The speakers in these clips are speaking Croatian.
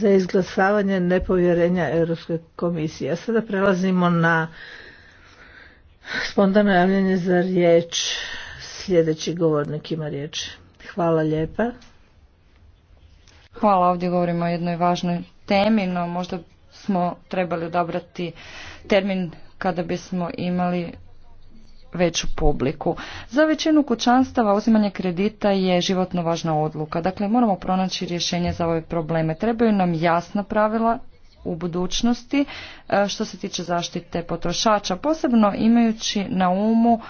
za izglasavanje nepovjerenja Europske komisije. A sada prelazimo na spontano javljanje za riječ. Sljedeći govornik ima riječ. Hvala lijepa. Hvala, ovdje govorimo o jednoj važnoj temi, no možda smo trebali odabrati termin kada bismo imali veću publiku. Za većinu kućanstava uzimanje kredita je životno važna odluka. Dakle, moramo pronaći rješenje za ove probleme. Trebaju nam jasna pravila u budućnosti e, što se tiče zaštite potrošača, posebno imajući na umu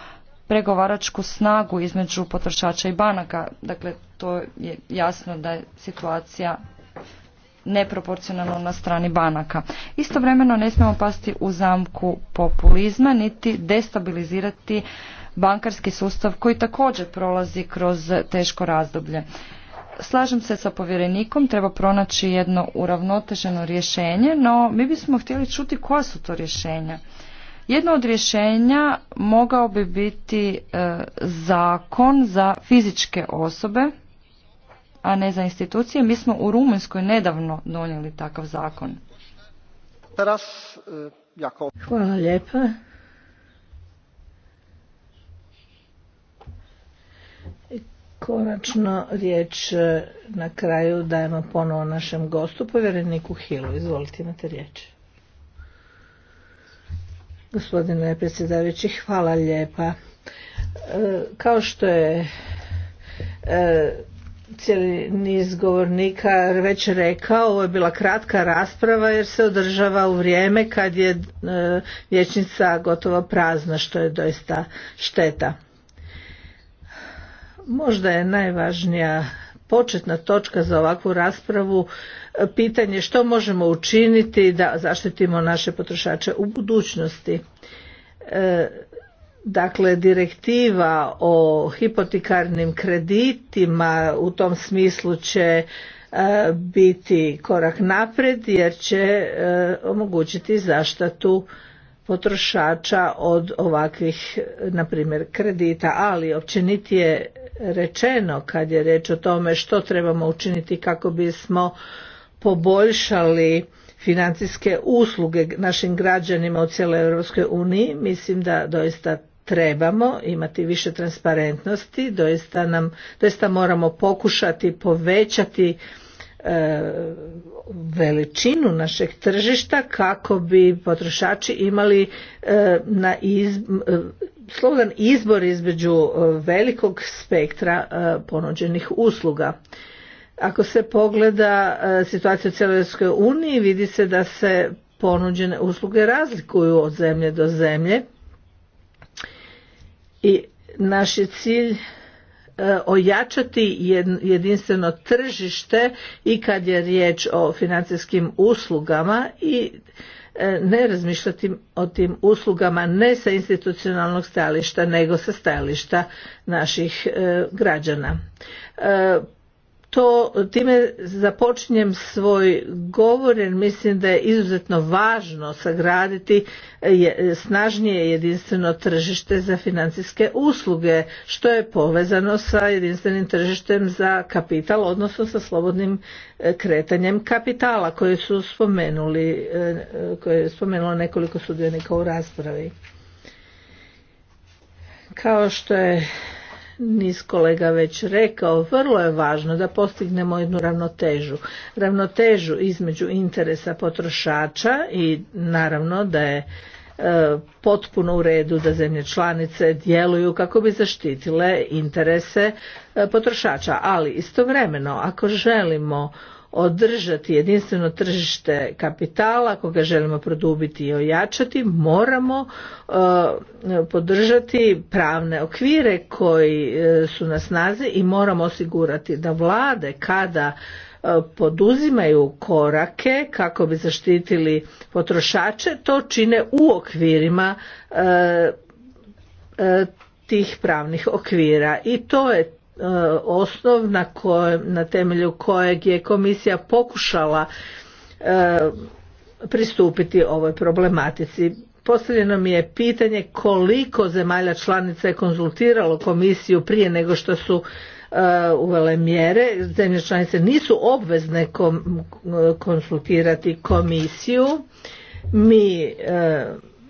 pregovaračku snagu između potrošača i banaka. Dakle, to je jasno da je situacija neproporcionalno na strani banaka. Istovremeno ne smijemo pasti u zamku populizma niti destabilizirati bankarski sustav koji također prolazi kroz teško razdoblje. Slažem se sa povjerenikom, treba pronaći jedno uravnoteženo rješenje, no mi bismo htjeli čuti koja su to rješenja. Jedno od rješenja mogao bi biti e, zakon za fizičke osobe a ne za institucije. Mi smo u Rumunjskoj nedavno donijeli takav zakon. E, hvala lijepa. Konačno riječ e, na kraju dajemo ponovo našem gostu, povjereniku Hilu. Izvolite, imate riječ. Gospodine predsjedavajući, hvala lijepa. E, kao što je cijeli niz govornika već rekao, ovo je bila kratka rasprava jer se održava u vrijeme kad je e, vječnica gotovo prazna što je doista šteta. Možda je najvažnija početna točka za ovakvu raspravu e, pitanje što možemo učiniti da zaštitimo naše potrošače u budućnosti. E, Dakle, direktiva o hipotekarnim kreditima u tom smislu će e, biti korak napred jer će e, omogućiti zaštitu potrošača od ovakvih na primjer kredita ali općenitije rečeno kad je reč o tome što trebamo učiniti kako bismo poboljšali financijske usluge našim građanima u cijeloj Europskoj uniji mislim da doista trebamo imati više transparentnosti, doista, nam, doista moramo pokušati povećati e, veličinu našeg tržišta kako bi potrošači imali e, na iz, e, slobodan izbor između e, velikog spektra ponuđenih usluga. Ako se pogleda situacija u cijeloj uniji vidi se da se ponuđene usluge razlikuju od zemlje do zemlje i naš je cilj e, ojačati jedinstveno tržište i kad je riječ o financijskim uslugama i e, ne razmišljati o tim uslugama ne sa institucionalnog stajališta nego sa stajališta naših e, građana to time započinjem svoj govor jer mislim da je izuzetno važno sagraditi eh, eh, snažnije jedinstveno tržište za financijske usluge što je povezano sa jedinstvenim tržištem za kapital odnosno sa slobodnim eh, kretanjem kapitala koje su spomenuli koje je spomenulo nekoliko sudionika u raspravi. Kao što je niz kolega već rekao, vrlo je važno da postignemo jednu ravnotežu. Ravnotežu između interesa potrošača i naravno da je e, potpuno u redu da zemlje članice djeluju kako bi zaštitile interese e, potrošača. Ali istovremeno ako želimo održati jedinstveno tržište kapitala, ako ga želimo produbiti i ojačati, moramo e, podržati pravne okvire koji e, su na snazi i moramo osigurati da vlade kada e, poduzimaju korake kako bi zaštitili potrošače, to čine u okvirima tih pravnih okvira i to je E, osnov na, koje, na temelju kojeg je komisija pokušala e, pristupiti ovoj problematici. Postavljeno mi je pitanje koliko zemalja članica je konzultiralo komisiju prije nego što su e, uvele mjere. Zemlje članice nisu obvezne konsultirati komisiju. Mi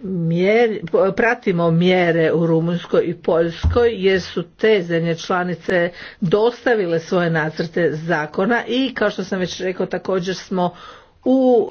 mjer, pratimo mjere u Rumunjskoj i Poljskoj jer su te zemlje članice dostavile svoje nacrte zakona i kao što sam već rekao također smo u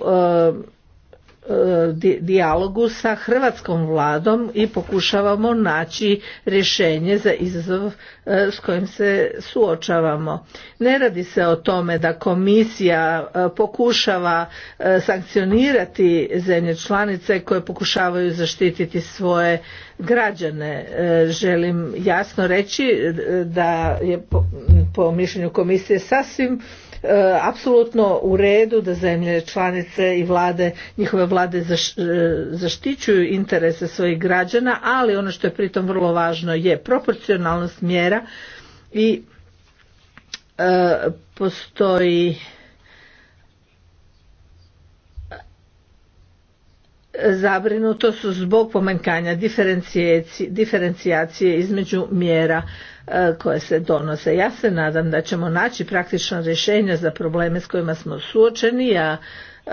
dijalogu sa hrvatskom vladom i pokušavamo naći rješenje za izazov e, s kojim se suočavamo. Ne radi se o tome da komisija e, pokušava e, sankcionirati zemlje članice koje pokušavaju zaštititi svoje građane. Želim jasno reći da je po mišljenju komisije sasvim E, apsolutno u redu da zemlje članice i vlade, njihove vlade e, zaštićuju interese svojih građana, ali ono što je pritom vrlo važno je proporcionalnost mjera i e, postoji zabrinuto su zbog pomanjkanja diferencijacije između mjera e, koje se donose. Ja se nadam da ćemo naći praktično rješenja za probleme s kojima smo suočeni. Ja e,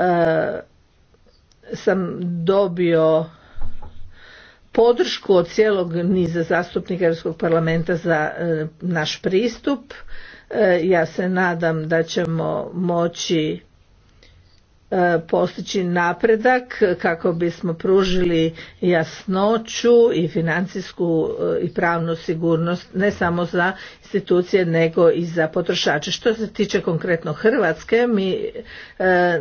sam dobio podršku od cijelog niza zastupnika Europskog parlamenta za e, naš pristup. ja se nadam da ćemo moći E, postići napredak kako bismo pružili jasnoću i financijsku e, i pravnu sigurnost ne samo za institucije nego i za potrošače. Što se tiče konkretno Hrvatske, mi e,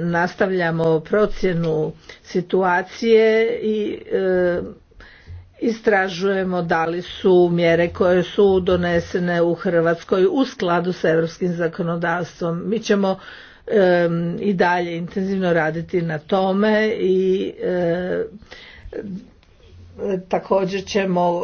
nastavljamo procjenu situacije i istražujemo da li su mjere koje su donesene u Hrvatskoj u skladu sa europskim zakonodavstvom. Mi ćemo i dalje intenzivno raditi na tome i također ćemo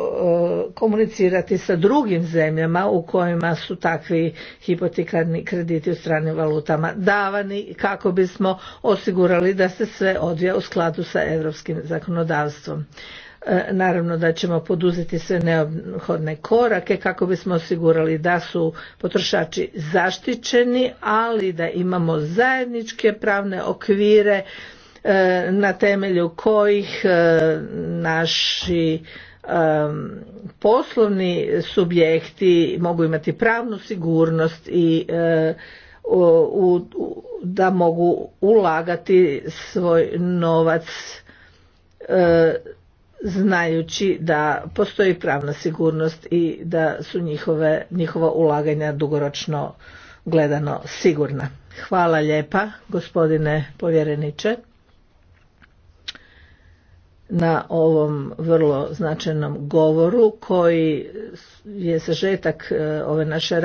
komunicirati sa drugim zemljama u kojima su takvi hipotekarni krediti u stranim valutama davani kako bismo osigurali da se sve odvija u skladu sa europskim zakonodavstvom. E, naravno da ćemo poduzeti sve neophodne korake kako bismo osigurali da su potrošači zaštićeni, ali da imamo zajedničke pravne okvire e, na temelju kojih e, naši poslovni subjekti mogu imati pravnu sigurnost i da mogu ulagati svoj novac znajući da postoji pravna sigurnost i da su njihove, njihova ulaganja dugoročno gledano sigurna. Hvala lijepa gospodine povjereniče na ovom vrlo značajnom govoru koji je sažetak e, ove naše